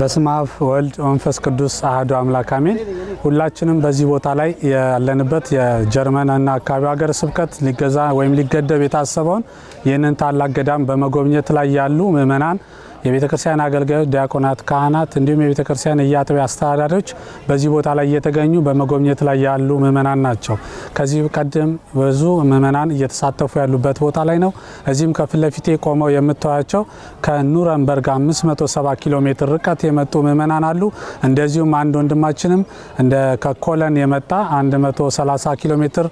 በስመ አብ ወልድ ወመንፈስ ቅዱስ አህዱ አምላክ አሜን። ሁላችንም በዚህ ቦታ ላይ ያለንበት የጀርመን እና አካባቢው ሀገረ ስብከት ሊገዛ ወይም ሊገደብ የታሰበውን ይህንን ታላቅ ገዳም በመጎብኘት ላይ ያሉ ምእመናን የቤተ ክርስቲያን አገልጋዮች፣ ዲያቆናት፣ ካህናት እንዲሁም የቤተ ክርስቲያን የአጥቢያ አስተዳዳሪዎች በዚህ ቦታ ላይ እየተገኙ በመጎብኘት ላይ ያሉ ምእመናን ናቸው። ከዚህ ቀደም ብዙ ምእመናን እየተሳተፉ ያሉበት ቦታ ላይ ነው። እዚህም ከፊት ለፊቴ ቆመው የምታያቸው ከኑረንበርግ 57 ኪሎ ሜትር ርቀት የመጡ ምእመናን አሉ። እንደዚሁም አንድ ወንድማችንም እንደ ከኮለን የመጣ 130 ኪሎ ሜትር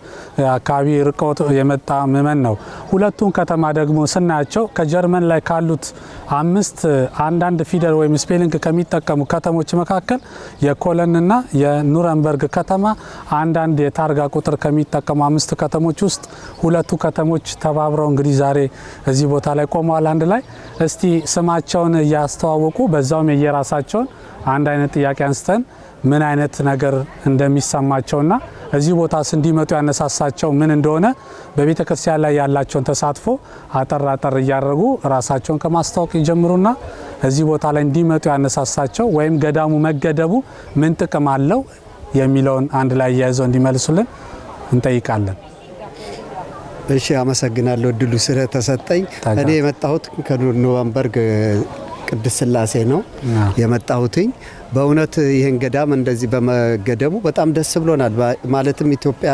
አካባቢ ርቀት የመጣ ምእመን ነው። ሁለቱን ከተማ ደግሞ ስናያቸው ከጀርመን ላይ ካሉት አምስት አንዳንድ ፊደል ወይም ስፔሊንግ ከሚጠቀሙ ከተሞች መካከል የኮለንና የኑረንበርግ ከተማ አንዳንድ የታርጋ ቁጥር ከሚጠቀሙ አምስት ከተሞች ውስጥ ሁለቱ ከተሞች ተባብረው እንግዲህ ዛሬ እዚህ ቦታ ላይ ቆመዋል። አንድ ላይ እስቲ ስማቸውን እያስተዋወቁ በዛውም የየራሳቸውን አንድ አይነት ጥያቄ አንስተን ምን አይነት ነገር እንደሚሰማቸውና እዚህ ቦታስ እንዲመጡ ያነሳሳቸው ምን እንደሆነ በቤተ ክርስቲያን ላይ ያላቸውን ተሳትፎ አጠር አጠር እያደረጉ ራሳቸውን ከማስታወቅ ይጀምሩና እዚህ ቦታ ላይ እንዲመጡ ያነሳሳቸው ወይም ገዳሙ መገደቡ ምን ጥቅም አለው የሚለውን አንድ ላይ እያይዘው እንዲመልሱልን እንጠይቃለን። እሺ፣ አመሰግናለሁ እድሉ ስለተሰጠኝ። እኔ የመጣሁት ከኖንበርግ ቅድስት ስላሴ ነው የመጣሁትኝ። በእውነት ይህን ገዳም እንደዚህ በመገደሙ በጣም ደስ ብሎናል። ማለትም ኢትዮጵያ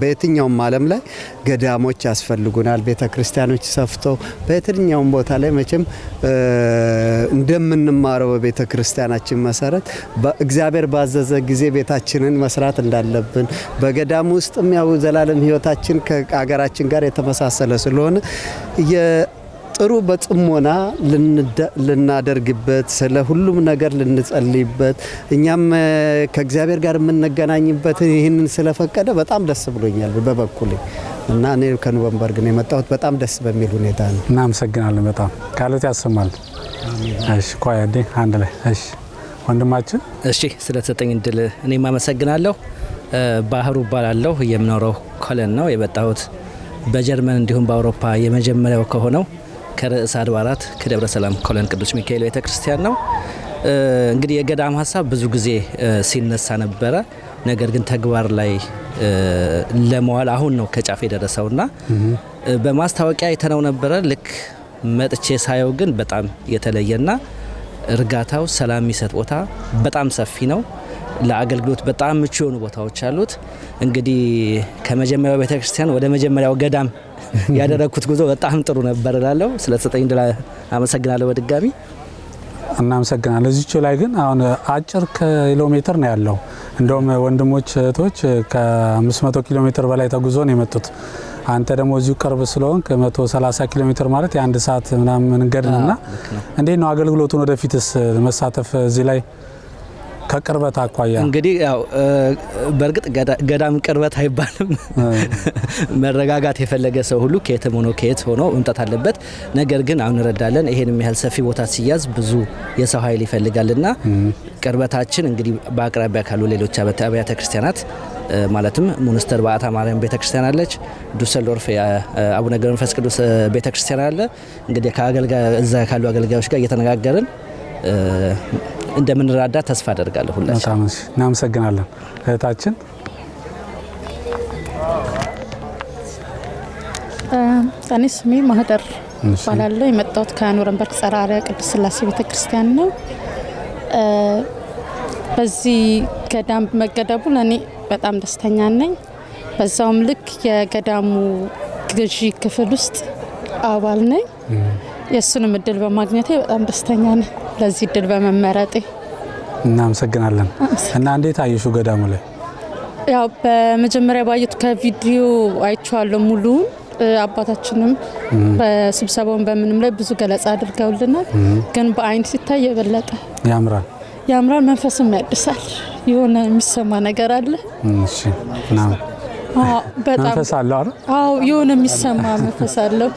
በየትኛውም ዓለም ላይ ገዳሞች ያስፈልጉናል። ቤተ ክርስቲያኖች ሰፍቶ በየትኛውም ቦታ ላይ መቼም እንደምንማረው በቤተ ክርስቲያናችን መሰረት እግዚአብሔር ባዘዘ ጊዜ ቤታችንን መስራት እንዳለብን በገዳም ውስጥ ያው ዘላለም ሕይወታችን ከአገራችን ጋር የተመሳሰለ ስለሆነ ጥሩ በጽሞና ልናደርግበት ስለ ሁሉም ነገር ልንጸልይበት እኛም ከእግዚአብሔር ጋር የምንገናኝበት ይህንን ስለፈቀደ በጣም ደስ ብሎኛል በበኩሌ እና እኔ ከኑበንበርግ ነው የመጣሁት። በጣም ደስ በሚል ሁኔታ ነው። እናመሰግናለን። በጣም ካለት ያሰማል። እሺ ኳያዴ አንድ ላይ እሺ፣ ወንድማችን እሺ፣ ስለተሰጠኝ እድል እኔም አመሰግናለሁ። ባህሩ እባላለሁ። የምኖረው ኮለን ነው። የመጣሁት በጀርመን እንዲሁም በአውሮፓ የመጀመሪያው ከሆነው ከርዕሰ አድባራት ከደብረ ሰላም ኮለን ቅዱስ ሚካኤል ቤተ ክርስቲያን ነው። እንግዲህ የገዳም ሀሳብ ብዙ ጊዜ ሲነሳ ነበረ። ነገር ግን ተግባር ላይ ለመዋል አሁን ነው ከጫፍ የደረሰውና በማስታወቂያ አይተነው ነበረ። ልክ መጥቼ ሳየው ግን በጣም የተለየና እርጋታው ሰላም የሚሰጥ ቦታ በጣም ሰፊ ነው። ለአገልግሎት በጣም ምቹ የሆኑ ቦታዎች አሉት። እንግዲህ ከመጀመሪያው ቤተክርስቲያን ወደ መጀመሪያው ገዳም ያደረግኩት ጉዞ በጣም ጥሩ ነበር እላለሁ። ስለተሰጠኝ ድል አመሰግናለሁ በድጋሚ እናመሰግናለን። እዚች ላይ ግን አሁን አጭር ኪሎ ሜትር ነው ያለው። እንደውም ወንድሞች እህቶች ከ500 ኪሎ ሜትር በላይ ተጉዞ ነው የመጡት። አንተ ደግሞ እዚሁ ቅርብ ስለሆን ከ 130 ኪሎ ሜትር ማለት የአንድ ሰዓት ምናምን መንገድ እና እንዴት ነው አገልግሎቱን ወደፊትስ መሳተፍ እዚህ ላይ ከቅርበት አኳያ እንግዲህ ያው በእርግጥ ገዳም ቅርበት አይባልም። መረጋጋት የፈለገ ሰው ሁሉ ከየትም ሆኖ ከየት ሆኖ መምጣት አለበት። ነገር ግን አሁን እንረዳለን፣ ይሄን ያህል ሰፊ ቦታ ሲያዝ ብዙ የሰው ኃይል ይፈልጋልና ቅርበታችን እንግዲህ በአቅራቢያ ካሉ ሌሎች አብያተ ክርስቲያናት ማለትም ሙኒስተር በአታ ማርያም ቤተክርስቲያን አለች። ዱሰልዶርፍ አቡነ ገብረ መንፈስ ቅዱስ ቤተክርስቲያን አለ። እንግዲህ ከአገልጋ እዛ ካሉ አገልጋዮች ጋር እየተነጋገርን እንደምንራዳ ተስፋ አደርጋለሁ። ሁላችን እናመሰግናለን እህታችን። እኔ ስሜ ማህደር እባላለሁ። የመጣሁት ከኑረንበርግ ጸራሪያ ቅዱስ ስላሴ ቤተክርስቲያን ነው። በዚህ ገዳም መገደቡ ለእኔ በጣም ደስተኛ ነኝ። በዛውም ልክ የገዳሙ ግዢ ክፍል ውስጥ አባል ነኝ። የእሱንም እድል በማግኘቴ በጣም ደስተኛ ነኝ። ለዚህ እድል በመመረጤ። እናመሰግናለን። እና እንዴት አየሹ ገዳሙ ላይ? ያው በመጀመሪያ ባየት ከቪዲዮ አይቼዋለሁ ሙሉውን አባታችንም በስብሰባውን በምንም ላይ ብዙ ገለጻ አድርገውልናል። ግን በአይን ሲታይ የበለጠ ያምራል ያምራል፣ መንፈስም ያድሳል። የሆነ የሚሰማ ነገር አለ። መንፈስ አለው አይደል? የሆነ የሚሰማ መንፈስ አለው።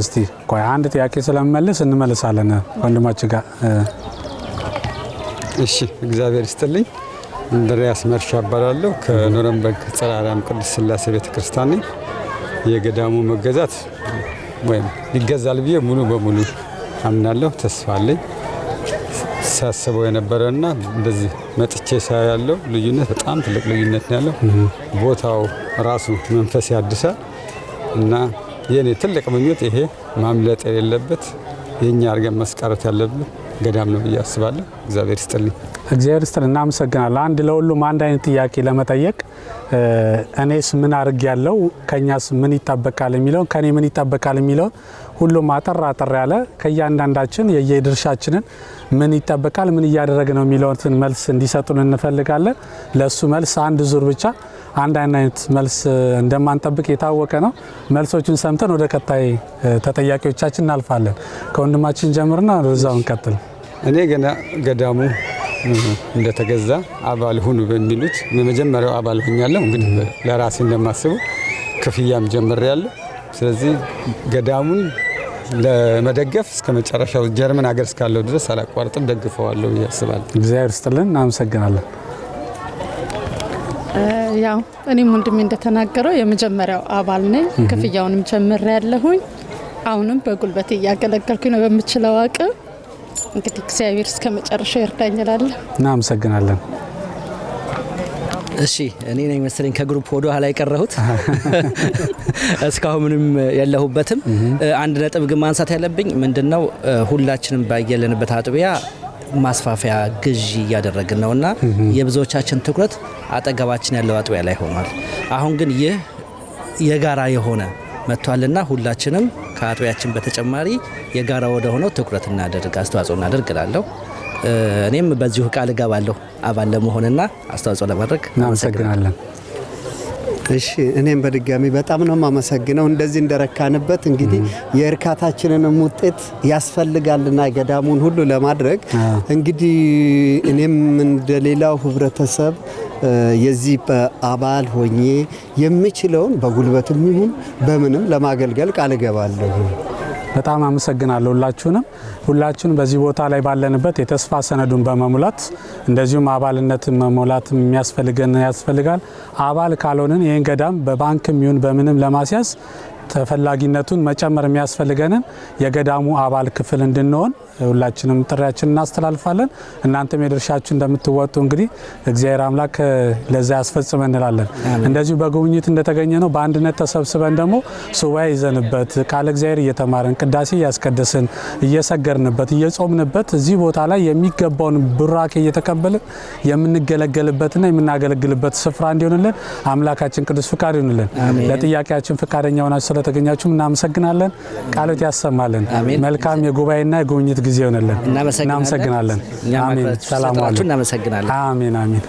እስቲ ቆይ አንድ ጥያቄ ስለምመልስ እንመልሳለን ወንድማችን ጋር። እሺ፣ እግዚአብሔር ይስጥልኝ። እንድሪያስ መርሻ እባላለሁ። ከኖረንበርግ ጸራራም ቅድስት ሥላሴ ቤተክርስቲያን ነኝ። የገዳሙ መገዛት ወይም ይገዛል ብዬ ሙሉ በሙሉ አምናለሁ። ተስፋ አለኝ። ሳስበው እና እንደዚህ መጥቼ ያለው ልዩነት በጣም ትልቅ ልዩነት ነው ያለው። ቦታው ራሱ መንፈስ ያድሳል እና የኔ ትልቅ ምኞት ይሄ ማምለጥ የሌለበት የኛ አድርገን መስቀረት ያለብን ገዳም ነው ብዬ አስባለሁ። እግዚአብሔር ይስጥልኝ። እግዚአብሔር ይስጥል። እናመሰግናለን። አንድ ለሁሉም አንድ አይነት ጥያቄ ለመጠየቅ እኔስ ምን አድርግ ያለው ከእኛስ ምን ይጠበቃል የሚለውን ከእኔ ምን ይጠበቃል የሚለውን ሁሉም አጠር አጠር ያለ ከእያንዳንዳችን የየድርሻችንን ምን ይጠበቃል፣ ምን እያደረግ ነው የሚለውን መልስ እንዲሰጡን እንፈልጋለን። ለእሱ መልስ አንድ ዙር ብቻ አንድ አይነት መልስ እንደማንጠብቅ የታወቀ ነው። መልሶቹን ሰምተን ወደ ቀጣይ ተጠያቂዎቻችን እናልፋለን። ከወንድማችን ጀምርና ወደዛው እንቀጥል። እኔ ገና ገዳሙ እንደተገዛ አባል ሁኑ በሚሉት የመጀመሪያው አባል ሆኛለሁ። እንግዲህ ለራሴ እንደማስቡ ክፍያም ጀምሬያለሁ። ስለዚህ ገዳሙን ለመደገፍ እስከ መጨረሻው ጀርመን ሀገር እስካለው ድረስ አላቋርጥም ደግፈዋለሁ ብዬ አስባለሁ። እግዚአብሔር ስጥልን፣ አመሰግናለን። ያው እኔም ወንድሜ እንደተናገረው የመጀመሪያው አባል ነኝ። ክፍያውንም ጀምር ያለሁኝ አሁንም በጉልበት እያገለገልኩ ነው በምችለው አቅም። እንግዲህ እግዚአብሔር እስከ መጨረሻው ይርዳኝ እላለሁ። እናመሰግናለን። እሺ እኔ ነኝ መሰለኝ ከግሩፕ ወደ ኋላ የቀረሁት እስካሁን ምንም የለሁበትም። አንድ ነጥብ ግን ማንሳት ያለብኝ ምንድነው ሁላችንም ባየለንበት አጥቢያ ማስፋፊያ ግዢ እያደረግን ነው እና የብዙዎቻችን ትኩረት አጠገባችን ያለው አጥቢያ ላይ ሆኗል። አሁን ግን ይህ የጋራ የሆነ መጥቷልና ሁላችንም ከአጥቢያችን በተጨማሪ የጋራ ወደ ሆነው ትኩረት እናደርግ፣ አስተዋጽኦ እናደርግ እላለሁ። እኔም በዚሁ ቃል እገባለሁ አባል ለመሆንና አስተዋጽኦ ለማድረግ አመሰግናለን። እሺ እኔም በድጋሚ በጣም ነው የማመሰግነው። እንደዚህ እንደረካንበት እንግዲህ የእርካታችንንም ውጤት ያስፈልጋልና ገዳሙን ሁሉ ለማድረግ እንግዲህ እኔም እንደሌላው ህብረተሰብ የዚህ አባል ሆኜ የምችለውን በጉልበትም ይሁን በምንም ለማገልገል ቃል እገባለሁ። በጣም አመሰግናለሁ ሁላችሁንም። ሁላችሁን በዚህ ቦታ ላይ ባለንበት የተስፋ ሰነዱን በመሙላት እንደዚሁም አባልነት መሙላት የሚያስፈልገን ያስፈልጋል። አባል ካልሆንን ይህን ገዳም በባንክም ይሁን በምንም ለማስያዝ ተፈላጊነቱን መጨመር የሚያስፈልገንን የገዳሙ አባል ክፍል እንድንሆን ሁላችንም ጥሪያችን እናስተላልፋለን። እናንተም የድርሻችሁ እንደምትወጡ እንግዲህ እግዚአብሔር አምላክ ለዛ ያስፈጽመ እንላለን። እንደዚሁ በጉብኝት እንደተገኘ ነው። በአንድነት ተሰብስበን ደግሞ ሱባኤ ይዘንበት ቃለ እግዚአብሔር እየተማረን ቅዳሴ እያስቀደስን እየሰገርንበት እየጾምንበት እዚህ ቦታ ላይ የሚገባውን ቡራኬ እየተቀበልን የምንገለገልበትና የምናገለግልበት ስፍራ እንዲሆንልን አምላካችን ቅዱስ ፍቃድ ይሆንልን። ለጥያቄያችን ፍቃደኛ ሆናችሁ ስለተገኛችሁ እናመሰግናለን። ቃሎት ያሰማልን። መልካም የጉባኤና የጉብኝት ጊዜ ይሆንልን። እናመሰግናለን። አሜን። ሰላም ዋሉ። እናመሰግናለን። አሜን አሜን።